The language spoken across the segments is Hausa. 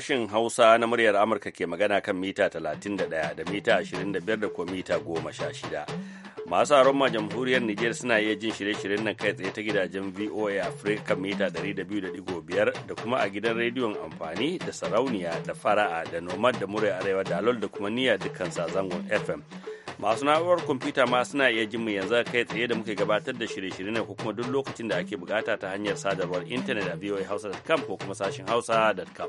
sashin Hausa na muryar Amurka ke magana kan mita 31 da mita 25 da ko mita 16. masu aron ma jamhuriyar niger suna iya jin shirye-shiryen nan kai tsaye ta gidajen VOA Africa mita 200.5 da kuma a gidan rediyon amfani da sarauniya da fara'a da nomad da murai arewa da alol da kuma niyya dukkan zangon FM. Masu na'urar kwamfuta ma suna iya jin mu yanzu kai tsaye da muke gabatar da shirye-shiryen nan ko kuma duk lokacin da ake bukata ta hanyar sadarwar intanet a voa hausa.com ko kuma sashin hausa.com.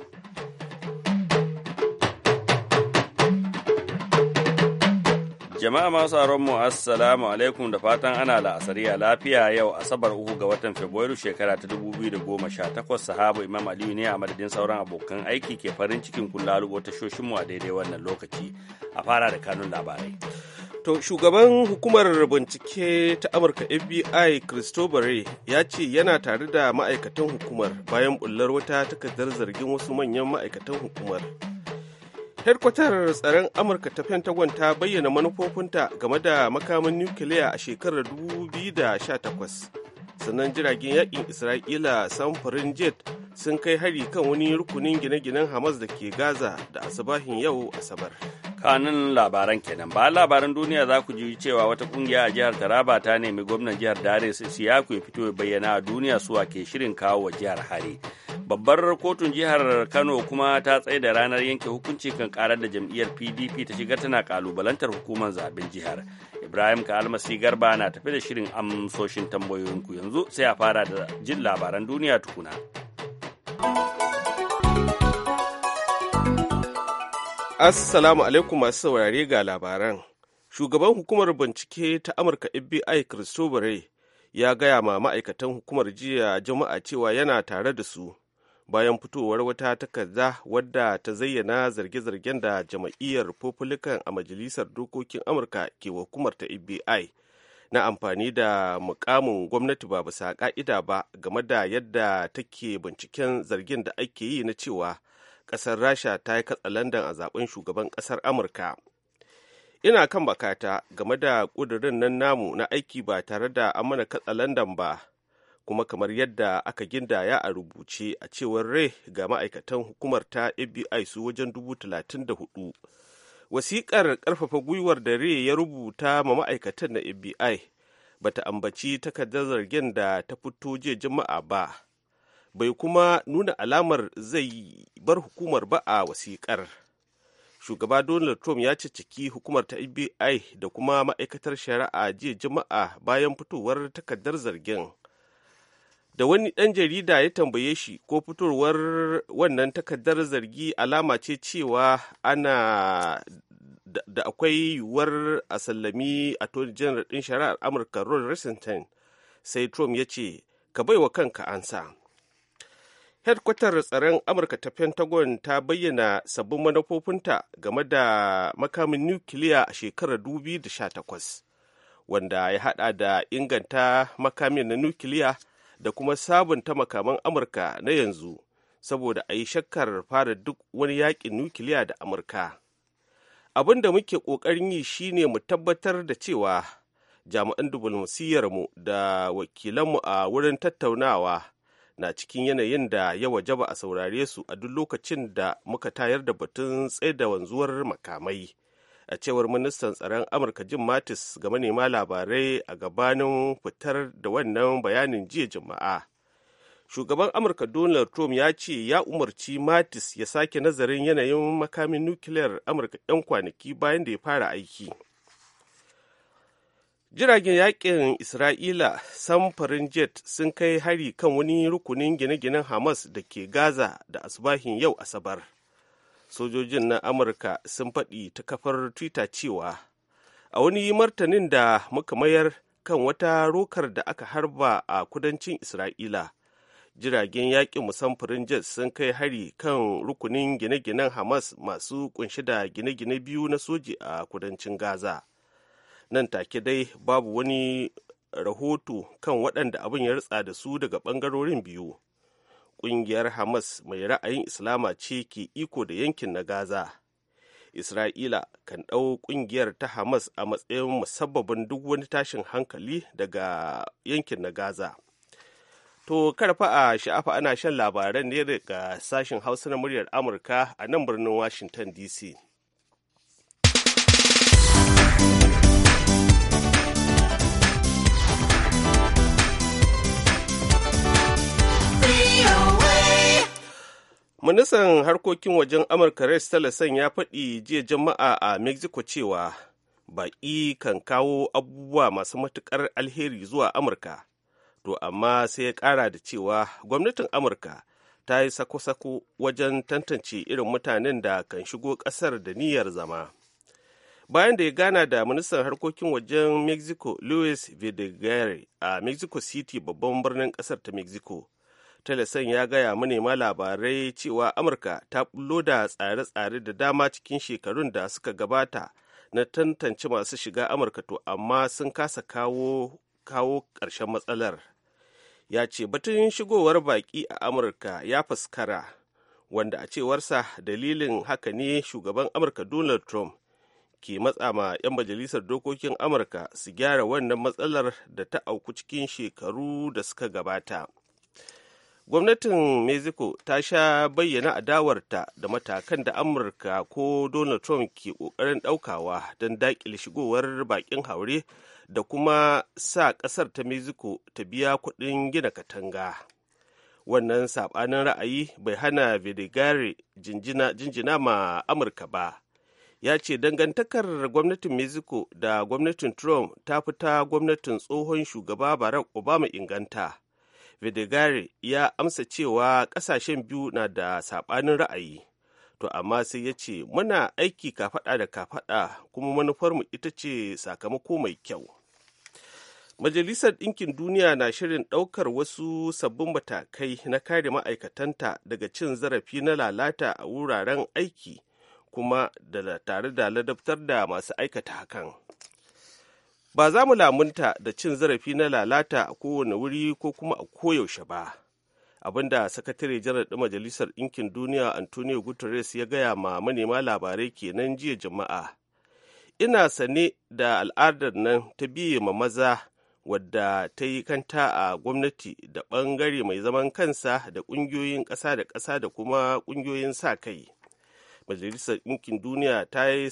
Jama'a masu aron mu assalamu alaikum da fatan ana a lafiya yau asabar uku ga watan Fabrairu shekara ta 2018 sahaba Imam Aliyu ne a madadin sauran abokan aiki ke farin cikin kula ta shoshin mu a daidai wannan lokaci a fara da kanun labarai. To shugaban hukumar bincike ta Amurka FBI Christopher Ray ya ce yana tare da ma'aikatan hukumar bayan bullar wata takardar zargin wasu manyan ma'aikatan hukumar. Hedkwatar tsaron Amurka ta Pentagon ta bayyana manufofinta game da makaman nukiliya a shekarar 2018. sannan jiragen yakin isra'ila samfurin jet sun kai hari kan wani rukunin gine-ginen hamas da ke gaza da asabahin yau asabar kanun labaran kenan ba labaran duniya za ku ji cewa wata kungiya a jihar taraba ta nemi gwamnan jihar dare siyaku ya fito ya bayyana a duniya su ke shirin kawo wa jihar hari babbar kotun jihar kano kuma ta tsaye da ranar yanke hukunci kan karar da jam'iyyar pdp ta shiga tana kalubalantar hukumar zaben jihar Ibrahim ka almasi garba na tafi da shirin amsoshin tambayoyinku yanzu sai a fara da jin labaran duniya tukuna. Assalamu alaikum masu saurare ga labaran. Shugaban hukumar bincike ta Amurka FBI Christopher ya gaya ma ma'aikatan hukumar jiya juma'a cewa yana tare da su bayan fitowar wata takarda wadda ta zayyana zarge-zargen da jama'iyyar republican a majalisar dokokin amurka ke hukumar ta fbi na amfani da mukamin gwamnati ba bisa ka'ida ba game da yadda take binciken zargin da ake yi na cewa kasar rasha ta yi katsalandan a zaben shugaban kasar amurka ina kan bakata game da ƙudurin nan namu na aiki ba tare da an mana katsalandan ba kuma kamar yadda aka gindaya a rubuce a cewar rai ga ma'aikatan hukumar ta fbi su wajen dubu talatin da hudu wasiƙar ƙarfafa gwiwar da rai ya rubuta ma ma'aikatan na fbi bata ambaci takardar zargin da ta fito jiya juma'a ba bai kuma nuna alamar zai bar hukumar ba a wasiƙar shugaba donald trump ya ciki hukumar ta fbi da kuma ma'aikatar shari'a jiya jama'a bayan fitowar takardar zargin da wani ɗan jarida ya tambaye shi ko fitowar wannan takardar zargi alama ce cewa ana da akwai yiwuwar a sallami attorney general ɗin shari'ar amurka ron rosenstein sai trump ya ce ka baiwa kanka ansa hedkwatar tsaron amurka ta pentagon ta bayyana sabbin manufofinta game da makamin nukiliya a shekarar 2018 wanda ya hada da inganta makamin na nukiliya da kuma sabunta makaman amurka na yanzu saboda a yi shakkar fara duk wani yaƙin nukiliya da amurka abin da muke ƙoƙarin yi shine mu tabbatar da cewa jami'an mu da wakilanmu a wurin tattaunawa na cikin yanayin da ya wajaba a saurare su a duk lokacin da muka tayar da batun tsaida wanzuwar makamai a cewar ministan tsaron amurka jim mattis ga manema labarai a gabanin fitar da wannan bayanin jiya juma'a shugaban amurka donald trump ya ce ya umarci mattis ya sake nazarin yanayin makamin nukiliyar amurka 'yan kwanaki bayan da ya fara aiki jiragen yakin isra'ila samfarin jet sun kai hari kan wani rukunin gine-ginen hamas da ke gaza da asubahin yau asabar sojojin na amurka sun faɗi ta kafar twitter cewa a wani martanin da muka mayar kan wata rokar da aka harba a kudancin isra'ila jiragen yaƙin musamfurin jet sun kai hari kan rukunin gine-ginen hamas masu kunshi da gine-gine biyu na soji a kudancin gaza nan take dai babu wani rahoto kan waɗanda abin ya ritsa da su daga ɓangarorin biyu ƙungiyar hamas mai ra'ayin islama ce ke iko da yankin na gaza isra'ila kan ɗau ƙungiyar ta hamas a matsayin musabbabin duk wani tashin hankali daga yankin na gaza to karfa a sha'afa ana shan labaran ne daga sashin hausa na muryar amurka a nan birnin washington dc Ministan harkokin wajen Amurka Rex Tillerson ya faɗi jiya jama'a a Mexico cewa baƙi kan kawo abubuwa masu matuƙar alheri zuwa Amurka. To amma sai ya ƙara da cewa gwamnatin Amurka ta yi sako-sako wajen tantance irin mutanen da kan shigo ƙasar da niyyar zama. Bayan da ya gana da ministan harkokin wajen Mexico Luis vidigari a Mexico City babban birnin ƙasar ta Mexico. tillerson ya gaya manema labarai cewa amurka ta bullo da tsare-tsare da dama cikin shekarun da suka gabata na tantance masu shiga amurka to amma sun kasa kawo kawo ƙarshen matsalar ya ce batun shigowar baƙi a amurka ya fuskara wanda a cewarsa dalilin haka ne shugaban amurka donald trump ke matsa ma 'yan majalisar dokokin amurka su gyara wannan matsalar da ta auku cikin shekaru da suka gabata gwamnatin mexico ta sha bayyana adawarta da matakan da amurka ko donald trump ke ƙoƙarin ɗaukawa don daƙile shigowar baƙin haure da kuma sa ƙasar ta mexico ta biya kuɗin gina katanga wannan saɓanin ra'ayi bai hana vidigare jinjina ma amurka ba ya ce dangantakar gwamnatin mexico da gwamnatin trump ta fita gwamnatin tsohon shugaba barack obama inganta Vidigare ya amsa cewa ƙasashen biyu na da saɓanin ra'ayi. To amma sai ya ce muna aiki kafaɗa da kafaɗa kuma manufarmu ita ce sakamako mai kyau. Majalisar Ɗinkin Duniya na shirin ɗaukar wasu sabbin matakai na kare ma'aikatanta daga cin zarafi na lalata a wuraren aiki kuma da tare da ladabtar da masu aikata hakan. ba za mu lamunta da cin zarafi na lalata a kowane wuri ko kuma a koyaushe ba abinda sakatare janar ɗin majalisar ɗinkin duniya antonio guterres ya gaya ma manema labarai kenan jiya jama'a ina sane da al'adar nan ta biye ma maza wadda ta yi kanta a gwamnati da ɓangare mai zaman kansa da ƙungiyoyin ƙasa da ƙasa da kuma ƙungiyoyin sa kai majalisar ɗinkin duniya ta yi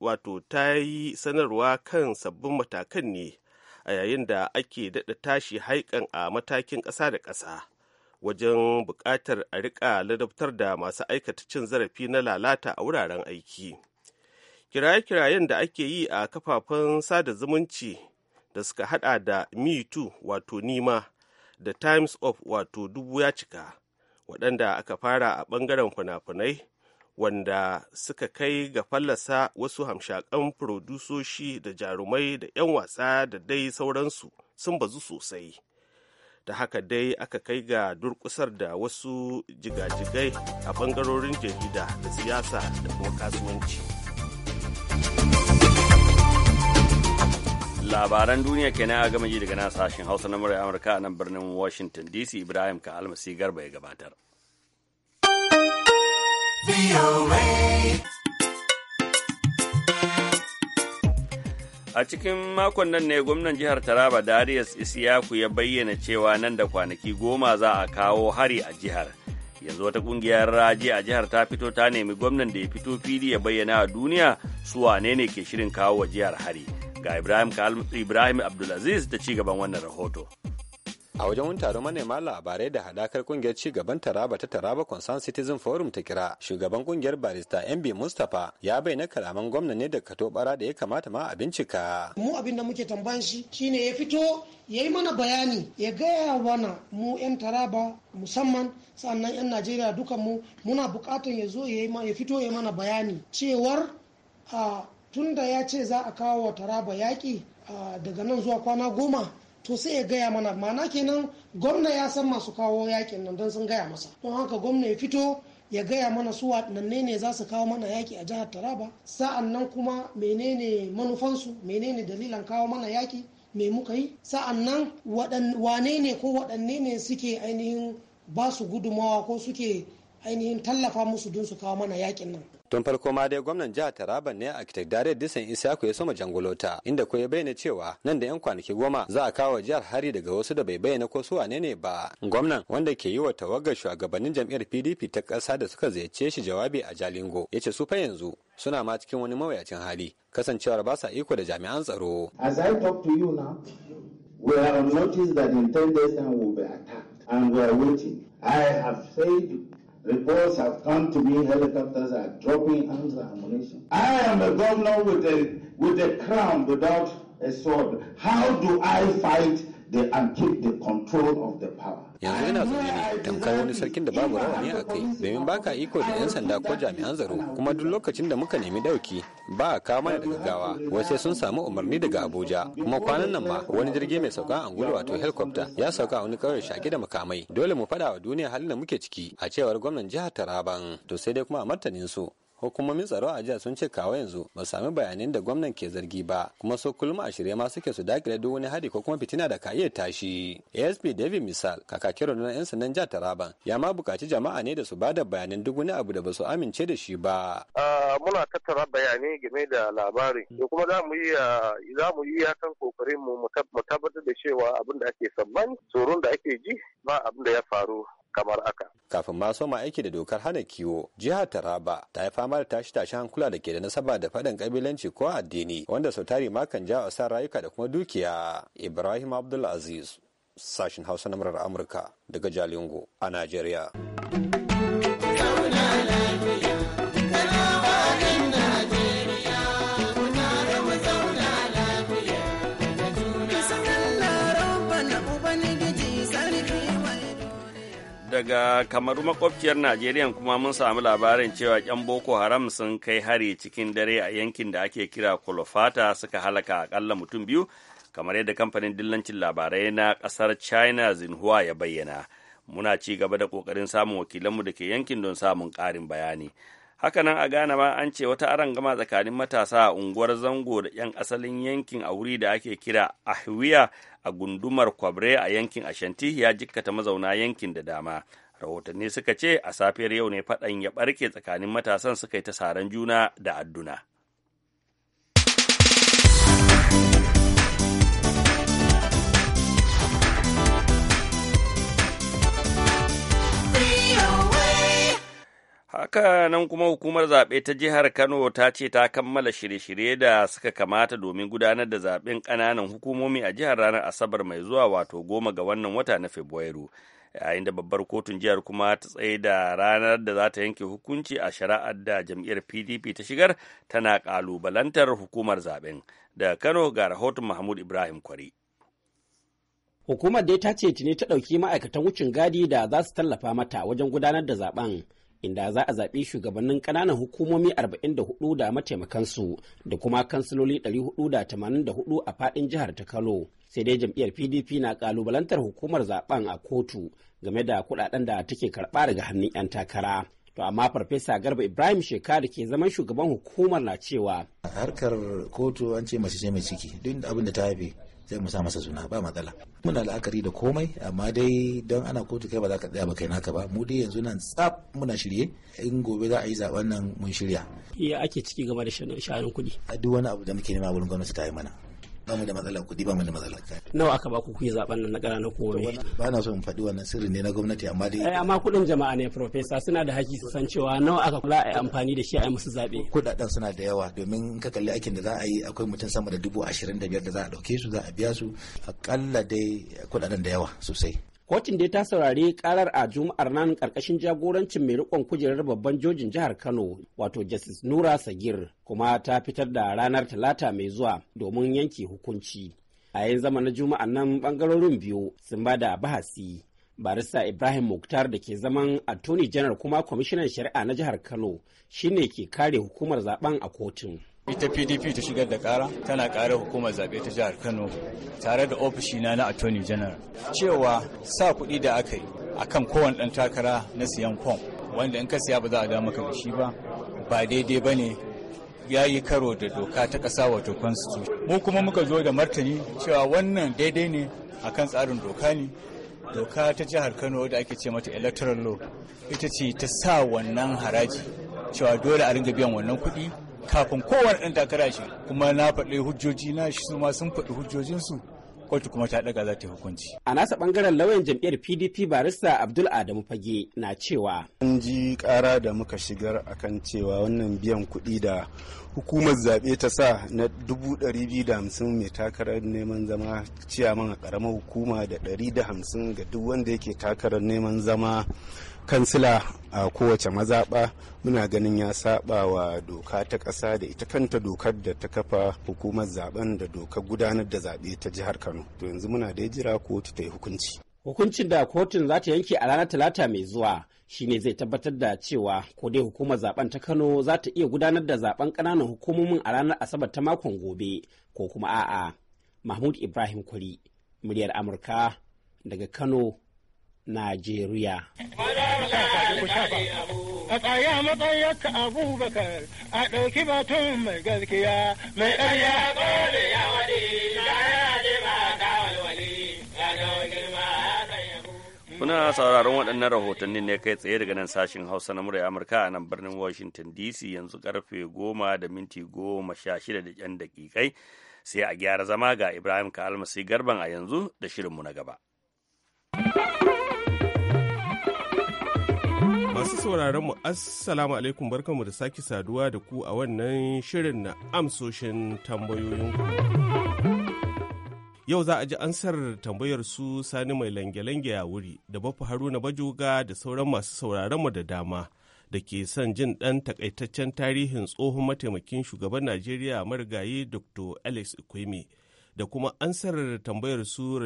wato ta yi sanarwa kan sabbin matakan ne a yayin da ake daɗa tashi haikan a matakin ƙasa da ƙasa wajen buƙatar a riƙa ladabtar da masu aikata cin zarafi na lalata a wuraren aiki kiraye-kirayen da ake yi a kafafen sada zumunci da suka hada da me too wato nima da times of wato dubu ya cika waɗanda aka fara a ɓangaren fina-finai wanda suka kai ga fallasa wasu hamshakan furodusoshi da jarumai da 'yan wasa da dai sauransu sun bazu sosai da haka dai aka kai ga durkusar da wasu jigajigai a bangarorin jarida da siyasa da kuma kasuwanci labaran duniya kenan a gama daga nan sashen hausa na murai amurka a nan birnin washington dc ibrahim ka almasi garba ya gabatar A cikin makon nan ne gwamnan jihar Taraba Darius Isiyaku ya bayyana cewa nan da kwanaki goma za a kawo hari a jihar. Yanzu wata kungiyar raji a jihar ta fito ta nemi gwamnan da ya fito fili ya bayyana a duniya su wane ne ke shirin kawo wa jihar hari. Ga Ibrahim Abdulaziz da ci gaban wannan rahoto. a wajen wani taron manema labarai da hadakar kungiyar ci gaban taraba ta taraba concern citizen forum ta kira shugaban kungiyar barista mb mustapha ya bayyana kalaman gwamna ne da kato bara da ya kamata ma a bincika mu abin da muke tambayan shi shine ya fito ya yi mana bayani ya gaya wana mu 'yan taraba musamman sannan 'yan najeriya dukan mu muna bukatan ya zo ya fito ya mana bayani cewar a tunda ya ce za a kawo taraba yaƙi daga nan zuwa kwana goma to sai ya gaya mana mana kenan gwamna ya san masu kawo yakin nan don sun gaya masa don haka gwamna ya fito ya gaya mana su waɗannan ne za su kawo mana yaki a jihar taraba sa'an nan kuma menene manufansu menene dalilan kawo mana yaki me muka yi sa'an nan wane ne ko waɗanne ne suke ainihin ba su gudumawa ko suke ainihin tallafa musu don su kawo mana yakin nan tun farko ma dai gwamnan jihar taraba ne a dare disan isaku ya soma jangolota inda ko ya bayyana cewa nan da yan kwanaki goma za a kawo jihar hari daga wasu da bai bayyana ko su wane ne ba gwamnan wanda ke yi wa tawagar shugabannin jam'iyyar pdp ta ƙasa da suka ziyarce shi jawabi a jalingo ya ce su fa yanzu suna ma cikin wani mawuyacin hali kasancewar ba sa iko da jami'an tsaro as i talk to you now we are that in 10 days time will be and we are waiting i have said Reports have come to me, helicopters are dropping arms and ammunition. I am a governor with a, with a crown without a sword. How do I fight Yanzu yana zaune ne tamkar wani sarkin da babu rawani a kai domin baka iko da 'yan sanda ko jami'an tsaro kuma duk lokacin da muka nemi dauki ba a kama da gaggawa wasu sun samu umarni daga Abuja kuma kwanan nan ma wani jirgi mai sauka a angulu wato helicopter ya sauka wani kauye shaƙi da makamai dole mu faɗa wa duniya halin da muke ciki a cewar gwamnan jihar Taraban to sai dai kuma a martanin su hukumomin tsaro a jiya sun ce kawo yanzu ba sami bayanin da gwamnan ke zargi ba kuma so kullum a shirye ma suke su dakile duk wani hari ko kuma fitina da ka iya tashi asp david misal kakakin rundunar yan sandan jihar taraban ya ma bukaci jama'a ne da su bada bayanin duk wani abu da ba su amince da shi ba muna tattara bayanai game da labari da kuma za mu yi za mu yi hakan kokarin mu mu tabbatar da cewa abin da ake sabani tsoron da ake ji ba abin da ya faru kamar haka kafin ma soma aiki da dokar hana kiwo jihar taraba ta yi fama da tashi tashi hankula da ke da nasaba da faɗin kabilanci ko addini wanda sau tari ma kan jawo sa rayuka da kuma dukiya ibrahim abdulaziz sashin hausa na murar amurka daga jalingo a najeriya daga kamaru makwabciyar najeriya kuma mun samu labarin cewa yan boko haram sun kai hari cikin dare a yankin da ake kira kolofata suka halaka akalla mutum biyu kamar yadda kamfanin dillancin labarai na kasar china zinhua ya bayyana muna ci gaba da kokarin samun wakilanmu da ke yankin don samun ƙarin bayani hakanan a ghana ma an ce wata gama tsakanin matasa a unguwar zango da 'yan asalin yankin a wuri da ake kira ahwiya a gundumar kwabre a yankin ashanti ya jikkata mazauna yankin da dama rahotanni suka ce a safiyar yau ne faɗan ya ɓarke tsakanin matasan suka yi ta saran juna da adduna Haka nan kuma hukumar zaɓe ta jihar Kano ta ce ta kammala shirye-shirye da suka kamata domin gudanar da zaɓen ƙananan hukumomi a jihar ranar Asabar mai zuwa wato goma ga wannan wata na Fabrairu. yayin da babbar kotun jihar kuma ta tsaye da ranar da za ta yanke hukunci a shari'ar da jam'iyyar pdp ta shigar tana kalubalantar hukumar zaɓen da kano ga rahoton mahmud ibrahim kwari hukumar dai ta ce tuni ta ɗauki ma'aikatan wucin gadi da za su tallafa mata wajen gudanar da zaɓen. inda za a zaɓi shugabannin ƙananan hukumomi 44 da mataimakansu da kuma kansiloli 484 a faɗin jihar ta Kano. Sai dai jam'iyyar PDP na ƙalubalantar hukumar zaben a kotu game da kuɗaɗen da take karɓa daga hannun 'yan takara. To amma Farfesa Garba Ibrahim Shekara ke zaman shugaban hukumar na cewa. Harkar kotu an ce mace ce mai ciki duk abin da ta haife Zai mu sa masa suna ba matsala muna la'akari da komai amma dai don ana kotu kai ba za ka tsaya ba kai naka ba mu dai yanzu nan tsaf muna shirye in gobe za a yi zaben nan mun shirya ya ake ciki gaba da sha'anin kuɗi a duk wani abu da muke nema wurin gwamnati ta yi mana ba mu da matsala kuɗi ba mu da matsala nawa aka ba ku kuyi zaben nan na na hukumomi ba na so in faɗi wannan sirri ne na gwamnati amma dai eh, amma kuɗin jama'a ne professor suna da haƙƙi su san cewa nawa aka kula a amfani da shi a yi musu zaɓe kuɗaɗen suna da yawa domin in ka kalli aikin da za a yi akwai mutum sama da dubu ashirin da biyar da za a ɗauke su za a biya su aƙalla dai kuɗaɗen da yawa sosai Kotun dai ta saurari karar a Juma'ar nan karkashin jagorancin mai rikon kujerar babban jojin jihar Kano wato Justice Nura Sagir kuma ta fitar da ranar Talata mai zuwa domin yanke hukunci. A yayin zama na Juma'ar nan bangarorin biyu sun ba da bahasi. Barista Ibrahim Mukhtar da ke zaman Attorney General kuma Kwamishinan Shari'a na jihar Kano shine ke kare hukumar zaben a kotun. ita pdp ta shigar da kara tana kara hukumar zaɓe ta jihar kano tare da ofishina na attorney general cewa sa kuɗi da aka yi akan kowane ɗan takara na siyan fom wanda in ka siya ba za a maka da shi ba ba daidai ba ne ya yi karo da doka ta ƙasa wato constitution mu kuma muka zo da martani cewa wannan daidai ne akan tsarin doka ne doka ta jihar kano da ake ce mata electoral law ita ce ta sa wannan haraji cewa dole a ringa biyan wannan kuɗi kafin kowane ɗan takara shi kuma na faɗi hujjoji na shi su sun faɗi hujjojinsu kotu kuma ta daga za hukunci. A nasa bangaren lauyan jam'iyyar PDP barista Abdul Adamu Fage na cewa. An ji kara da muka shigar akan cewa wannan biyan kuɗi da hukumar zaɓe ta sa na dubu ɗari biyu da hamsin mai takarar neman zama ciyaman a ƙaramar hukuma da ɗari da hamsin ga duk wanda yake takarar neman zama kansila a kowace mazaɓa muna ganin ya saɓa wa doka ta ƙasa da ita kanta dokar da ta kafa hukumar zaben da dokar gudanar da zaɓe ta jihar kano to yanzu muna da jira kotu ta yi hukunci hukuncin da kotun za ta yanke a ranar talata mai zuwa shine zai tabbatar da cewa ko dai hukumar zaben ta kano za ta iya gudanar da zaben ƙananan hukumomin a ranar asabar ta makon gobe ko kuma a'a mahmud ibrahim kuri muryar amurka daga kano Najeriya. A tsaya abubakar a ɗauki batun ya waɗi Kuna sauraron waɗannan rahotannin ne kai tsaye daga nan sashen Hausa na murya Amurka a nan birnin Washington DC yanzu karfe goma da minti goma sha shida da ƴan daƙiƙai sai a gyara zama ga Ibrahim kalmasi Garban a yanzu da shirinmu na gaba. Masu sauraron mu Assalamu alaikum barkanmu da sake saduwa da ku a wannan shirin na amsoshin tambayoyin Yau za a ji ansar tambayar su Sani mai lange-lange a wuri da Bafa Haruna Bajoga da sauran masu sauraron mu da dama da ke son jin ɗan takaitaccen tarihin tsohon mataimakin shugaban Najeriya marigayi Dr. Alex Ikwemi da kuma ansar tambayar su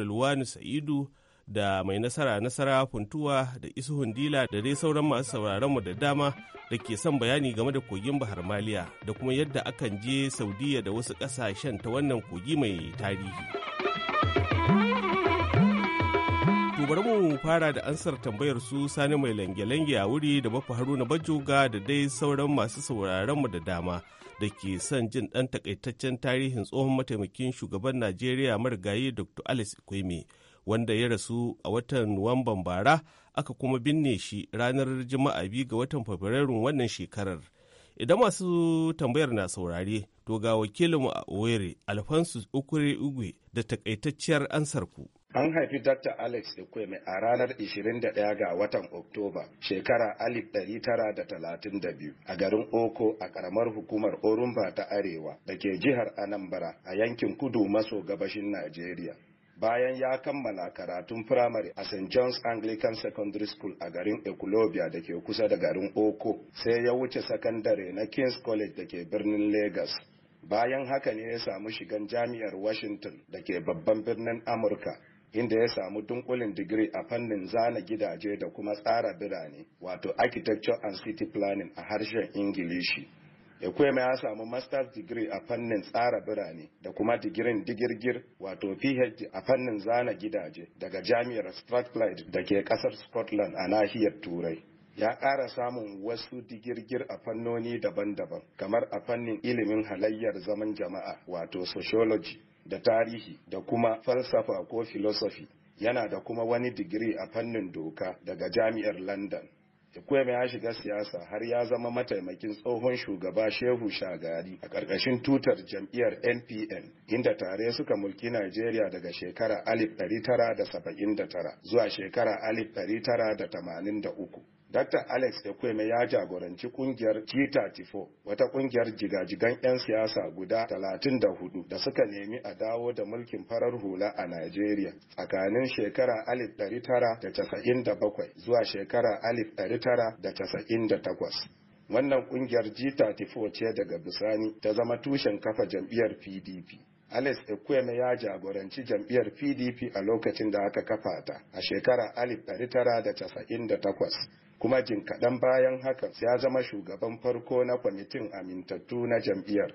Sa'idu da mai nasara nasara funtuwa da isu dila da dai sauran masu sauraron mu da dama da ke son bayani game da kogin bahar maliya da kuma yadda akan je saudiya da wasu kasashen ta wannan kogi mai tarihi bari mu fara da ansar tambayar su sani mai lange-lange a wuri da bafa haruna bajoga da dai sauran masu sauraron mu da dama da ke son jin ɗan takaitaccen tarihin tsohon mataimakin shugaban najeriya marigayi dr alice kwame wanda ya rasu a watan Nuwamban bara aka kuma binne shi ranar Juma'a biyu ga watan Fabrairu wannan shekarar. Idan masu tambayar na saurare, to ga wakilin a Owerri, Alfonso Ukure Ugwe da takaitacciyar ansar ku. An haifi Dr. Alex Ikweme a ranar 21 ga watan Oktoba shekara 1932 a garin Oko a ƙaramar hukumar Orumba ta Arewa da ke jihar Anambra a yankin kudu maso gabashin Najeriya. bayan ya kammala karatun firamare a St. John's Anglican Secondary School a garin Ekulobia da ke kusa da garin Oko, sai ya wuce sakandare na King's College da ke birnin Lagos. Bayan haka ne ya samu shigan jami'ar Washington da ke babban birnin Amurka, inda ya samu dunkulin digiri a fannin zana gidaje da kuma tsara birane, wato Architecture and City Planning a harshen Ingilishi. Ekwema ya samu master's degree a fannin tsara birane da kuma digirin digirgir wato PhD a fannin zana gidaje daga jami'ar Strathclyde da ke kasar Scotland a nahiyar Turai. ya ƙara samun wasu digirgir a fannoni daban-daban kamar a fannin ilimin halayyar zaman jama'a wato sociology da tarihi da kuma falsafa ko philosophy yana da kuma wani digiri a fannin doka daga jami'ar london Ikweme ya shiga siyasa har ya zama mataimakin tsohon shugaba Shehu Shagari a ƙarƙashin tutar jam'iyyar NPN inda tare suka mulki Najeriya daga shekara 1979 zuwa shekara 1983. Dr. Alex Ekweme ya jagoranci kungiyar G34 wata kungiyar jigajigan 'yan siyasa guda 34 da suka nemi a dawo da mulkin farar hula a Najeriya tsakanin shekara 1997 zuwa shekara 1998. Wannan kungiyar G34 ce daga bisani ta zama tushen kafa jam'iyyar PDP. Alex Ekweme ya jagoranci jam'iyyar PDP a lokacin da aka kafa ta a shekara 1998. kuma jin kaɗan bayan haka ya zama shugaban farko na kwamitin amintattu na jam'iyyar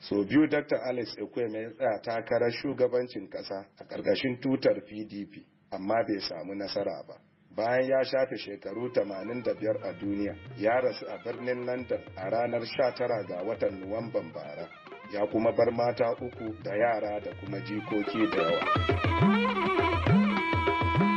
so biyu dr alex ekweme ya tsaya takarar shugabancin ƙasa a ƙarƙashin tutar pdp amma bai samu nasara ba bayan ya shafe shekaru 85 a duniya ya rasu a birnin london a ranar 19 ga watan nuwamban bara ya kuma bar mata uku da yara da kuma jikoki da yawa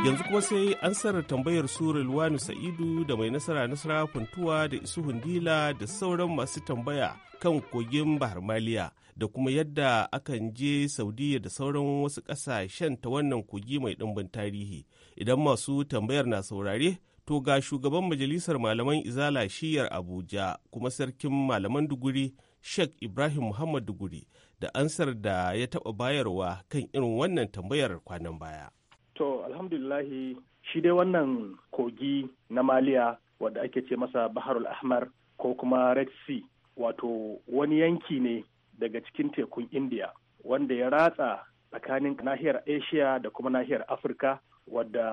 yanzu kuma sai an sarar tambayar su Wani Sa'idu da mai nasara nasara kuntuwa da isu hundila da sauran masu tambaya kan kogin Bahar Maliya da kuma yadda akan je Saudiya da sauran wasu ƙasashen ta wannan kogi mai ɗimbin tarihi. Idan masu tambayar na saurare, to ga shugaban majalisar malaman Izala shiyar Abuja kuma sarkin malaman Duguri Sheikh Ibrahim Muhammad Duguri da ansar da ya taɓa bayarwa kan irin wannan tambayar kwanan baya. To alhamdulillahi shi dai wannan kogi na Maliya wadda ake ce masa Baharul Ahmar ko kuma Red Sea wato wani yanki ne daga cikin tekun India wanda ya ratsa tsakanin nahiyar Asia da kuma nahiyar Afirka wadda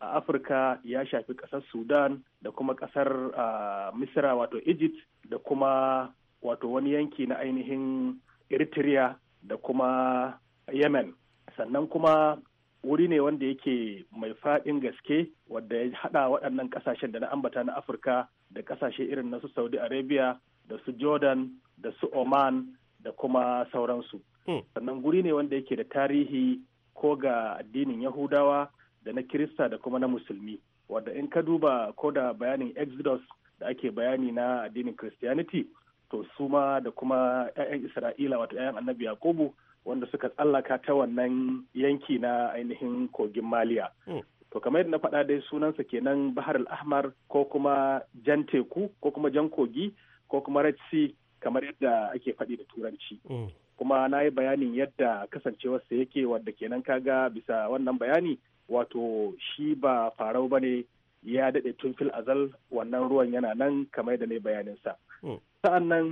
a Afirka ya shafi ƙasar Sudan da kuma ƙasar Misira, Misra wato Egypt da kuma wato wani yanki na ainihin Eritrea da kuma Yemen. Sannan kuma wuri ne wanda yake mai faɗin gaske wadda ya haɗa waɗannan ƙasashen da na ambata na afirka da ƙasashe irin na su saudi arabia da su jordan da su oman da kuma sauransu hmm. sannan guri ne wanda yake da tarihi ko ga addinin yahudawa da na kirista da kuma na musulmi wadda in ka duba ko da bayanin exodus da ake bayani na addinin christianity to su da kuma 'ya'yan isra'ila wato 'ya'yan annabi yakubu wanda suka tsallaka ta wannan yanki na ainihin kogin maliya hmm. to kamar yadda na faɗa dai sunansa kenan bahar al-ahmar ko kuma jan teku ko kuma jan kogi ko kuma red sea kamar yadda ake faɗi da turanci hmm. kuma na yi bayanin yadda kasancewarsa yake wadda kenan kaga bisa wannan bayani wato shi ba farau ba ne ya daɗe tun fil azal wannan ruwan yana nan kamar da yi bayaninsa hmm. sa'an nan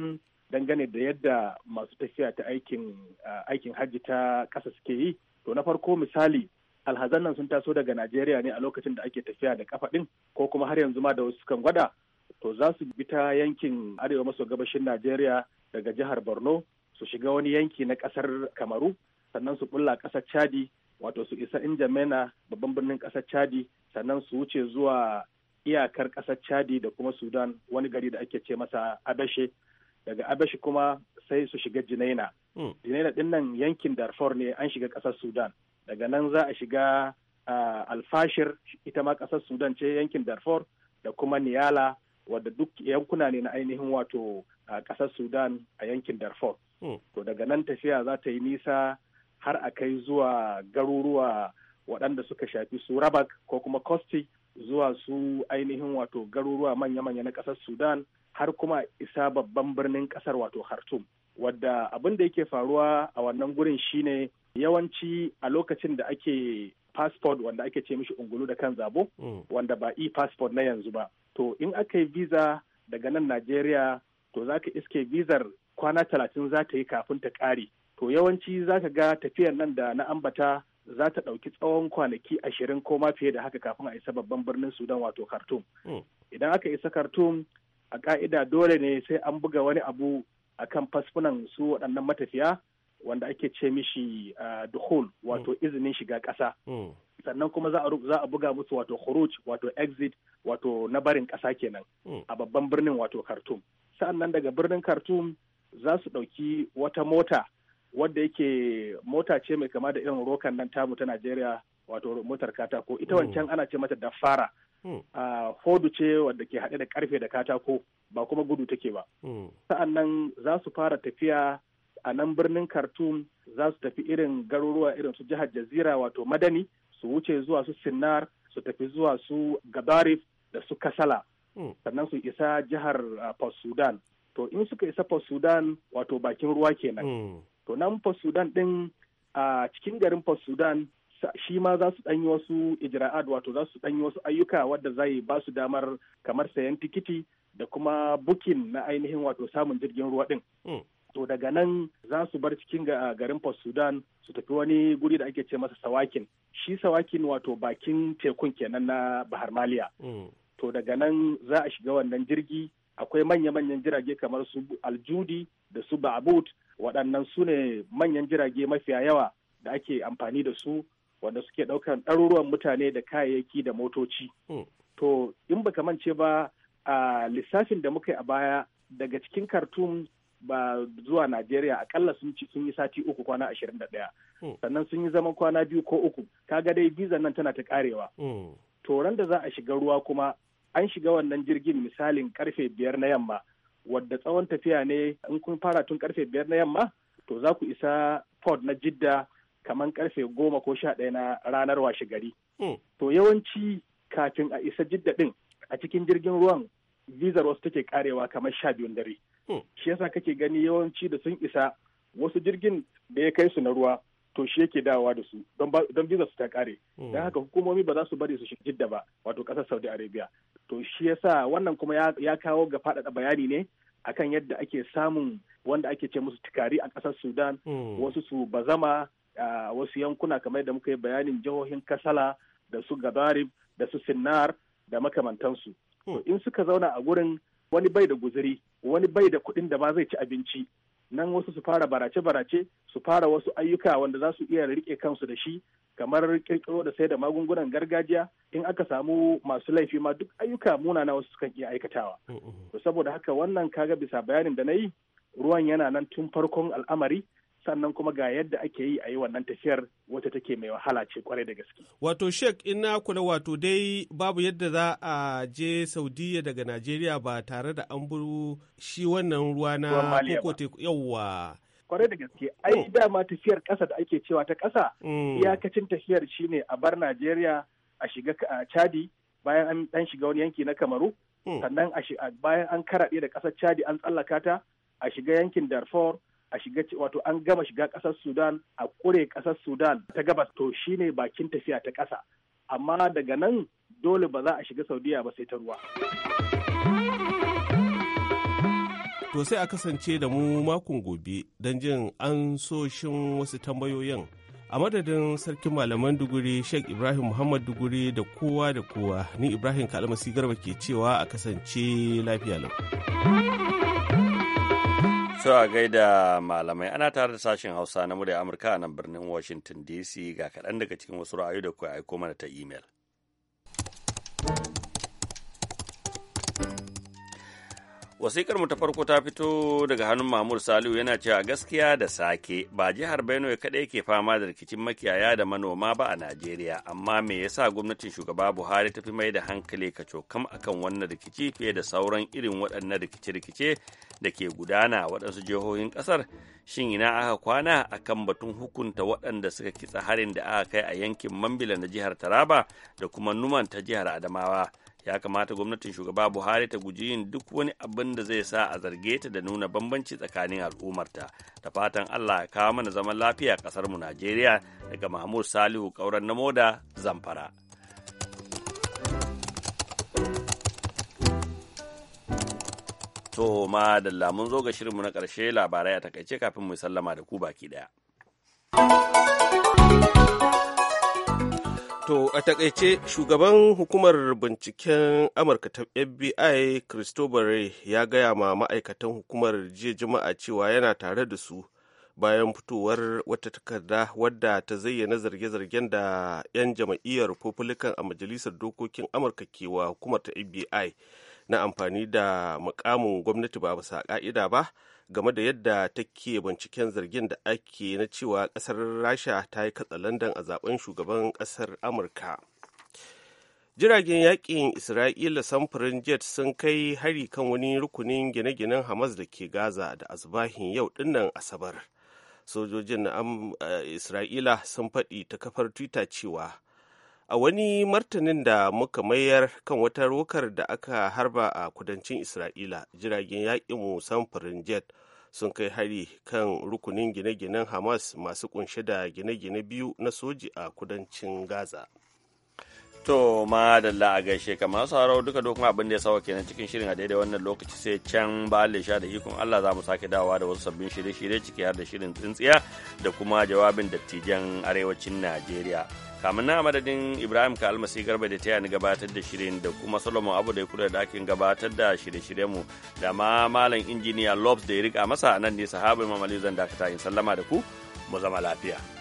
dangane da yadda masu tafiya ta aikin uh, aikin hajji ta ƙasa suke yi to na farko misali alhazan nan sun taso daga najeriya ne a lokacin da ake tafiya da kafa ɗin ko kuma har yanzu ma da wasu kan gwada to za su bi ta yankin arewa maso gabashin najeriya daga jihar borno su shiga wani yanki na ƙasar kamaru sannan su bulla ƙasar chadi wato su isa injamena babban birnin ƙasar chadi sannan su wuce zuwa iyakar ƙasar chadi da kuma sudan wani gari da ake ce masa abashe daga abashi kuma sai su shiga jinaina hmm. jinaina din nan yankin darfur ne an shiga ƙasar sudan daga nan za a shiga alfashir ita ma ƙasar sudan ce yankin darfur da kuma niyala wadda duk yankuna ne na ainihin wato ƙasar sudan a yankin darfur hmm. to daga nan tafiya za ta yi nisa har a kai zuwa garuruwa waɗanda suka shafi su rabak ko kuma kosti zuwa su ainihin wato garuruwa manya-manya na ƙasar sudan har kuma isa babban birnin ƙasar wato khartoum wadda abin da yake faruwa a wannan gurin shine yawanci a lokacin da ake passport wanda ake ce mishi ungulu da kan zabo mm. wanda ba e-passport na yanzu ba to in aka yi visa daga nan najeriya to za ka iske vizar kwana talatin za ta yi kafin ta ƙare to yawanci za ka ga tafiyar nan da na ambata za ta ɗauki tsawon kwanaki ashirin ko ma fiye da haka kafin a isa babban birnin sudan wato khartoum hmm. idan aka isa khartoum a ka'ida dole ne sai an buga wani abu a kan fasfunan su waɗannan matafiya wanda ake ce mishi ah, duhul wato hmm. izinin shiga ƙasa hmm. sannan kuma za a buga musu wato khuruj wato exit wato na barin ƙasa kenan a babban birnin wato khartoum sa'annan daga birnin khartoum za su ɗauki wata mota wadda yake mota ce mai kama da irin rokan nan tamu ta Najeriya wato motar katako ita hmm. wancan ana ce mata da fara hmm. a fodu ce wadda ke haɗe da karfe da katako ba kuma gudu take ba hmm. sa'an nan za su fara tafiya a nan birnin khartoum za su tafi irin garuruwa irin su jihar jazira wato madani su wuce zuwa su sinnar su tafi zuwa su gabarif da su kasala sannan su isa jihar port sudan to in suka isa port sudan wato bakin ruwa kenan to nan sudan din a cikin garin sudan shi ma za su ɗanyi wasu ijra'ad wato za su ɗanyi wasu ayyuka wadda zai ba su damar kamar sayan tikiti da kuma bukin na ainihin wato samun jirgin ruwa din. Hmm. To daga nan za su bar cikin garin Port Sudan su tafi wani guri da ake ce masa Sawakin. Shi Sawakin wato bakin tekun kenan na Bahar Maliya. Hmm. To daga nan za a shiga wannan jirgi akwai manya-manyan jirage kamar su aljudi da su ba'abut waɗannan su ne manyan jirage mafiya yawa da ake amfani da su wanda suke ɗaukan ɗaruruwan mutane da kayayyaki da motoci. Hmm. To in baka mance ba a lissafin da muka yi a baya daga cikin Khartoum ba zuwa Najeriya akalla sun ci sun yi sati uku kwana ashirin da ɗaya. Hmm. Sannan sun yi zaman kwana biyu ko uku. Kaga dai bizan nan tana ta karewa. Hmm. to da za a shiga ruwa kuma an shiga wannan jirgin misalin karfe biyar na yamma wadda tsawon tafiya ne in kun fara tun karfe biyar na yamma to za ku isa ford na jidda kamar karfe goma ko sha ɗaya na ranar washe gari hmm. to yawanci kafin a isa jidda ɗin a cikin jirgin ruwan vizar wasu take karewa kamar sha biyun dare hmm. shi yasa kake gani yawanci da sun isa wasu jirgin da ya kai su na ruwa to shi yake dawowa da su don visa su ta kare hmm. don haka hukumomi ba za su bari su shiga jidda ba wato kasar saudi arabia to shi yasa wannan kuma ya kawo ga faɗaɗa bayani ne akan yadda ake samun wanda ake ce musu tikari a ƙasar sudan hmm. wasu su bazama a wasu yankuna kamar da muka yi bayanin jihohin kasala da su gabarib da su sinar da makamantansu hmm. to in suka zauna a gurin wani bai da guzuri wani bai da kuɗin da ma zai ci abinci nan wasu su fara barace-barace su fara wasu ayyuka wanda za su iya rike kansu da shi kamar kirkiro da sai da magungunan gargajiya in aka samu masu laifi ma duk ayyuka munana wasu sukan iya aikatawa to saboda haka wannan kaga bisa bayanin da na yi ruwan yana nan tun farkon al'amari sannan kuma ga yadda ake yi a yi wannan tafiyar wata take mai wahala ce kwarai da gaske. Wato Sheikh ina kula wato dai babu yadda za a je Saudiya daga Najeriya ba tare da an buru shi wannan ruwa na koko teku yawwa. Kwarai da gaske, ai mm. dama tafiyar kasa da ake cewa ta ƙasa mm. iyakacin tafiyar shine a bar Najeriya a shiga Chadi bayan an dan shiga wani yanki na Kamaru mm. sannan a bayan an karaɗe da ƙasar Chadi an tsallaka ta a shiga yankin Darfur a shiga wato an gama shiga ƙasar sudan a kure ƙasar sudan ta gabas to shine bakin tafiya ta ƙasa amma daga nan dole ba za a shiga saudiya ba sai ta ruwa to sai a kasance da mu makon gobe don jin an so shin wasu tambayoyin a madadin sarkin malaman duguri sheikh ibrahim muhammad duguri da kowa da kowa ni ibrahim kalmasi garba ke cewa a kasance lafiya lau To a gaida malamai ana tare da sashen Hausa na murya Amurka a nan birnin Washington DC ga kaɗan daga cikin wasu ra'ayi da kuwa aiko mana ta imel. wasikar mu ta farko ta fito daga hannun mahmud saliu yana cewa gaskiya da sake ba jihar benue kaɗai ke fama da rikicin makiyaya da manoma ba a najeriya amma me yasa gwamnatin shugaba buhari ta fi mai da hankali ka cokam akan wannan rikici fiye da sauran irin waɗannan rikice-rikice da ke gudana waɗansu jihohin ƙasar shin ina aka kwana akan batun hukunta waɗanda suka kitsa harin da aka kai a yankin mambila na jihar taraba da kuma numan ta jihar adamawa ya kamata gwamnatin shugaba buhari ta guji yin duk wani abin da zai sa a zarge ta da nuna bambanci tsakanin al'ummarta ta fatan allah ya kawo mana zaman lafiya kasar mu najeriya daga mahmud salihu kauran na moda zamfara to ma da lamun zo ga shirinmu na ƙarshe labarai a takaice kafin mu sallama da ku baki ɗaya. To a takaice shugaban hukumar binciken Amurka ta FBI Christopher ya gaya ma ma'aikatan hukumar jiya juma'a cewa yana tare da su bayan fitowar wata takarda wadda ta zayyana zarge-zargen da 'yan jam'iyyar Republican a Majalisar Dokokin Amurka ke wa hukumar ta FBI na amfani da mukamin gwamnati ba bisa ƙa'ida ba. game da yadda take binciken zargin da ake na cewa kasar rasha ta yi katsalandan a zaben shugaban kasar amurka jiragen yakin isra'ila samfurin jet sun kai hari kan wani rukunin gine-ginen hamas da ke gaza da asbahin yau dinnan asabar sojojin na eh, isra'ila sun faɗi ta kafar twitter cewa a wani martanin da muka mayar kan wata rokar da aka harba a kudancin isra'ila jiragen mu samfurin jet sun kai hari kan rukunin gine-ginen hamas masu kunshe da gine-gine biyu na soji a kudancin gaza To ma da a gaishe kamar masu sauraro duka dokun abin da ya sawa kenan cikin shirin a daidai wannan lokaci sai can ba sha da ikon Allah za mu sake dawowa da wasu sabbin shirye-shirye ciki har da shirin tsintsiya da kuma jawabin dattijan arewacin Najeriya. kamun na madadin ibrahim ka almasi garba da ta gabatar da shirin da kuma solomon abu da ya kula da akin gabatar da shirye-shiryen mu da ma malam injiniya lobs da ya rika masa nan ne sahabin mamalizan zan dakata in sallama da ku mu zama lafiya